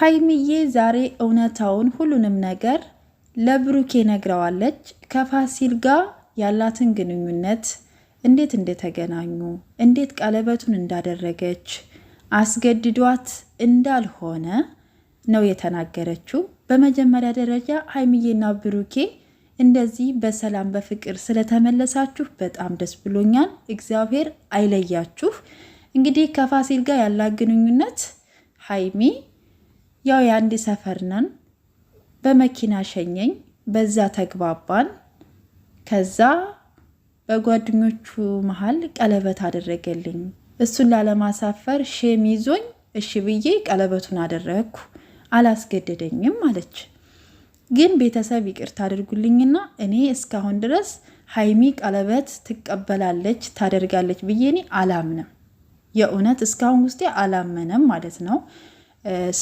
ሀይሚዬ ዛሬ እውነታውን ሁሉንም ነገር ለብሩኬ ነግረዋለች። ከፋሲል ጋር ያላትን ግንኙነት እንዴት እንደተገናኙ፣ እንዴት ቀለበቱን እንዳደረገች፣ አስገድዷት እንዳልሆነ ነው የተናገረችው። በመጀመሪያ ደረጃ ሀይሚዬና ብሩኬ እንደዚህ በሰላም በፍቅር ስለተመለሳችሁ በጣም ደስ ብሎኛል። እግዚአብሔር አይለያችሁ። እንግዲህ ከፋሲል ጋር ያላት ግንኙነት ሀይሚ ያው የአንድ ሰፈር ነን። በመኪና ሸኘኝ፣ በዛ ተግባባን። ከዛ በጓደኞቹ መሀል ቀለበት አደረገልኝ። እሱን ላለማሳፈር ሼም ይዞኝ እሺ ብዬ ቀለበቱን አደረግኩ። አላስገደደኝም አለች። ግን ቤተሰብ ይቅርታ አድርጉልኝና እኔ እስካሁን ድረስ ሀይሚ ቀለበት ትቀበላለች ታደርጋለች ብዬ እኔ አላምንም። የእውነት እስካሁን ውስጤ አላመነም ማለት ነው።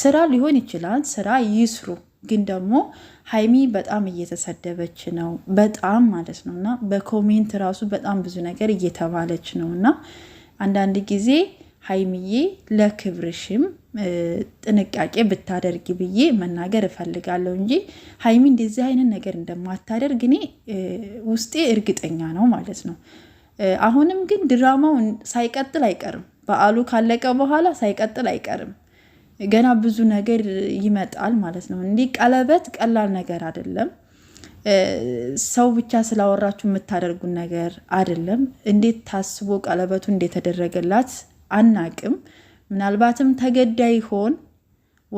ስራ ሊሆን ይችላል። ስራ ይስሩ። ግን ደግሞ ሀይሚ በጣም እየተሰደበች ነው፣ በጣም ማለት ነው እና በኮሜንት ራሱ በጣም ብዙ ነገር እየተባለች ነው እና አንዳንድ ጊዜ ሀይሚዬ ለክብርሽም ጥንቃቄ ብታደርጊ ብዬ መናገር እፈልጋለሁ እንጂ ሀይሚ እንደዚህ አይነት ነገር እንደማታደርግ እኔ ውስጤ እርግጠኛ ነው ማለት ነው። አሁንም ግን ድራማው ሳይቀጥል አይቀርም። በዓሉ ካለቀ በኋላ ሳይቀጥል አይቀርም። ገና ብዙ ነገር ይመጣል ማለት ነው። እንዲህ ቀለበት ቀላል ነገር አይደለም። ሰው ብቻ ስላወራችሁ የምታደርጉን ነገር አይደለም። እንዴት ታስቦ ቀለበቱ እንደተደረገላት አናቅም። ምናልባትም ተገዳ ይሆን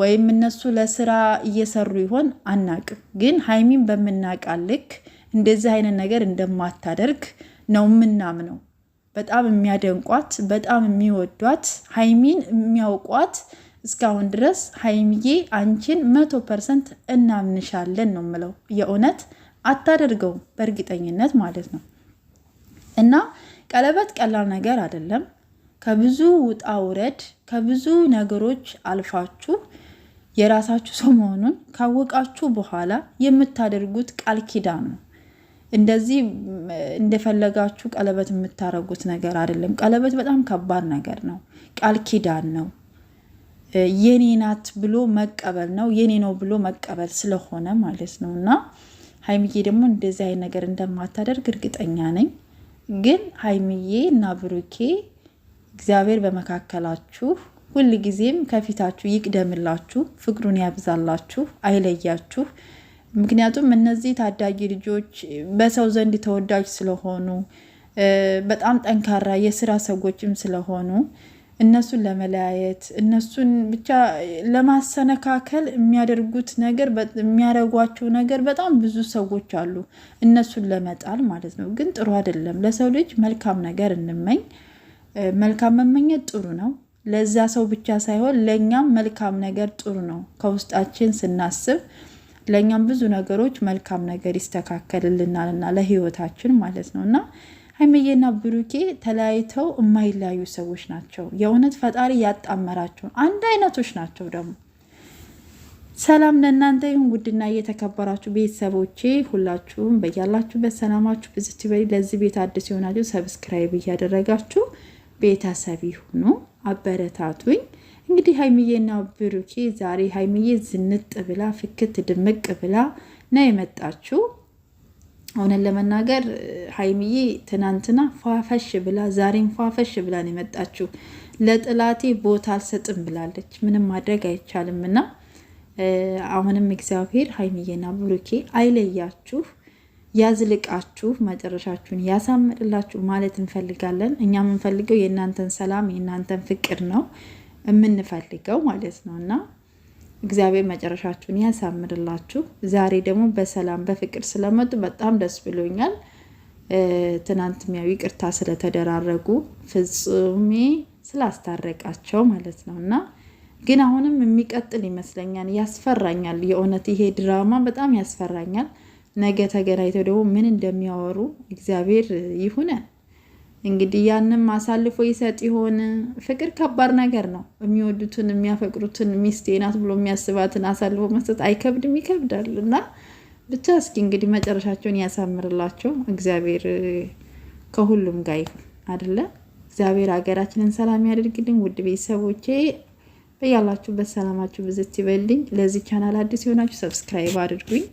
ወይም እነሱ ለስራ እየሰሩ ይሆን አናቅም። ግን ሀይሚን በምናውቃት ልክ እንደዚህ አይነት ነገር እንደማታደርግ ነው የምናምነው። በጣም የሚያደንቋት በጣም የሚወዷት ሀይሚን የሚያውቋት እስካሁን ድረስ ሀይሚዬ አንቺን መቶ ፐርሰንት እናምንሻለን ነው ምለው። የእውነት አታደርገውም በእርግጠኝነት ማለት ነው። እና ቀለበት ቀላል ነገር አይደለም። ከብዙ ውጣ ውረድ ከብዙ ነገሮች አልፋችሁ የራሳችሁ ሰው መሆኑን ካወቃችሁ በኋላ የምታደርጉት ቃል ኪዳን ነው። እንደዚህ እንደፈለጋችሁ ቀለበት የምታረጉት ነገር አይደለም። ቀለበት በጣም ከባድ ነገር ነው። ቃል ኪዳን ነው። የኔ ናት ብሎ መቀበል ነው የኔ ነው ብሎ መቀበል ስለሆነ ማለት ነው። እና ሀይምዬ ደግሞ እንደዚህ አይነት ነገር እንደማታደርግ እርግጠኛ ነኝ። ግን ሀይምዬ እና ብሩኬ እግዚአብሔር በመካከላችሁ ሁል ጊዜም ከፊታችሁ ይቅደምላችሁ፣ ፍቅሩን ያብዛላችሁ፣ አይለያችሁ። ምክንያቱም እነዚህ ታዳጊ ልጆች በሰው ዘንድ ተወዳጅ ስለሆኑ በጣም ጠንካራ የስራ ሰዎችም ስለሆኑ እነሱን ለመለያየት እነሱን ብቻ ለማሰነካከል የሚያደርጉት ነገር የሚያደርጓቸው ነገር በጣም ብዙ ሰዎች አሉ። እነሱን ለመጣል ማለት ነው። ግን ጥሩ አይደለም። ለሰው ልጅ መልካም ነገር እንመኝ። መልካም መመኘት ጥሩ ነው። ለዛ ሰው ብቻ ሳይሆን ለእኛም መልካም ነገር ጥሩ ነው። ከውስጣችን ስናስብ ለእኛም ብዙ ነገሮች መልካም ነገር ይስተካከልልናልና ለህይወታችን ማለት ነው እና ሀይሚዬና ብሩኬ ተለያይተው የማይለያዩ ሰዎች ናቸው። የእውነት ፈጣሪ ያጣመራቸው አንድ አይነቶች ናቸው ደግሞ ሰላም ለእናንተ ይሁን ውድና እየተከበራችሁ ቤተሰቦቼ ሁላችሁም በያላችሁበት ሰላማችሁ ብዝት ይበል። ለዚህ ቤት አዲስ የሆናችሁ ሰብስክራይብ እያደረጋችሁ ቤተሰብ ይሁኑ፣ አበረታቱኝ። እንግዲህ ሀይሚዬና ብሩኬ ዛሬ ሀይሚዬ ዝንጥ ብላ ፍክት ድምቅ ብላ ነው የመጣችው። እውነን ለመናገር ሀይሚዬ ትናንትና ፏፈሽ ብላ ዛሬም ፏፈሽ ብላን የመጣችው። ለጥላቴ ቦታ አልሰጥም ብላለች። ምንም ማድረግ አይቻልም እና አሁንም እግዚአብሔር ሀይሚዬና ብሩኬ አይለያችሁ፣ ያዝልቃችሁ፣ መጨረሻችሁን ያሳምርላችሁ ማለት እንፈልጋለን። እኛ የምንፈልገው የእናንተን ሰላም የእናንተን ፍቅር ነው የምንፈልገው ማለት ነው እና እግዚአብሔር መጨረሻችሁን ያሳምርላችሁ። ዛሬ ደግሞ በሰላም በፍቅር ስለመጡ በጣም ደስ ብሎኛል። ትናንት ሚያዊ ቅርታ ስለተደራረጉ ፍጹሜ ስላስታረቃቸው ማለት ነው እና ግን አሁንም የሚቀጥል ይመስለኛል። ያስፈራኛል፣ የእውነት ይሄ ድራማ በጣም ያስፈራኛል። ነገ ተገናኝተው ደግሞ ምን እንደሚያወሩ እግዚአብሔር ይሁነ። እንግዲህ ያንም አሳልፎ ይሰጥ ይሆን? ፍቅር ከባድ ነገር ነው። የሚወዱትን የሚያፈቅሩትን ሚስቴ ናት ብሎ የሚያስባትን አሳልፎ መስጠት አይከብድም? ይከብዳል። እና ብቻ እስኪ እንግዲህ መጨረሻቸውን ያሳምርላቸው እግዚአብሔር ከሁሉም ጋር ይሁን አደለ። እግዚአብሔር ሀገራችንን ሰላም ያደርግልኝ። ውድ ቤተሰቦቼ በያላችሁበት ሰላማችሁ ብዝት ይበልኝ። ለዚህ ቻናል አዲስ የሆናችሁ ሰብስክራይብ አድርጉኝ።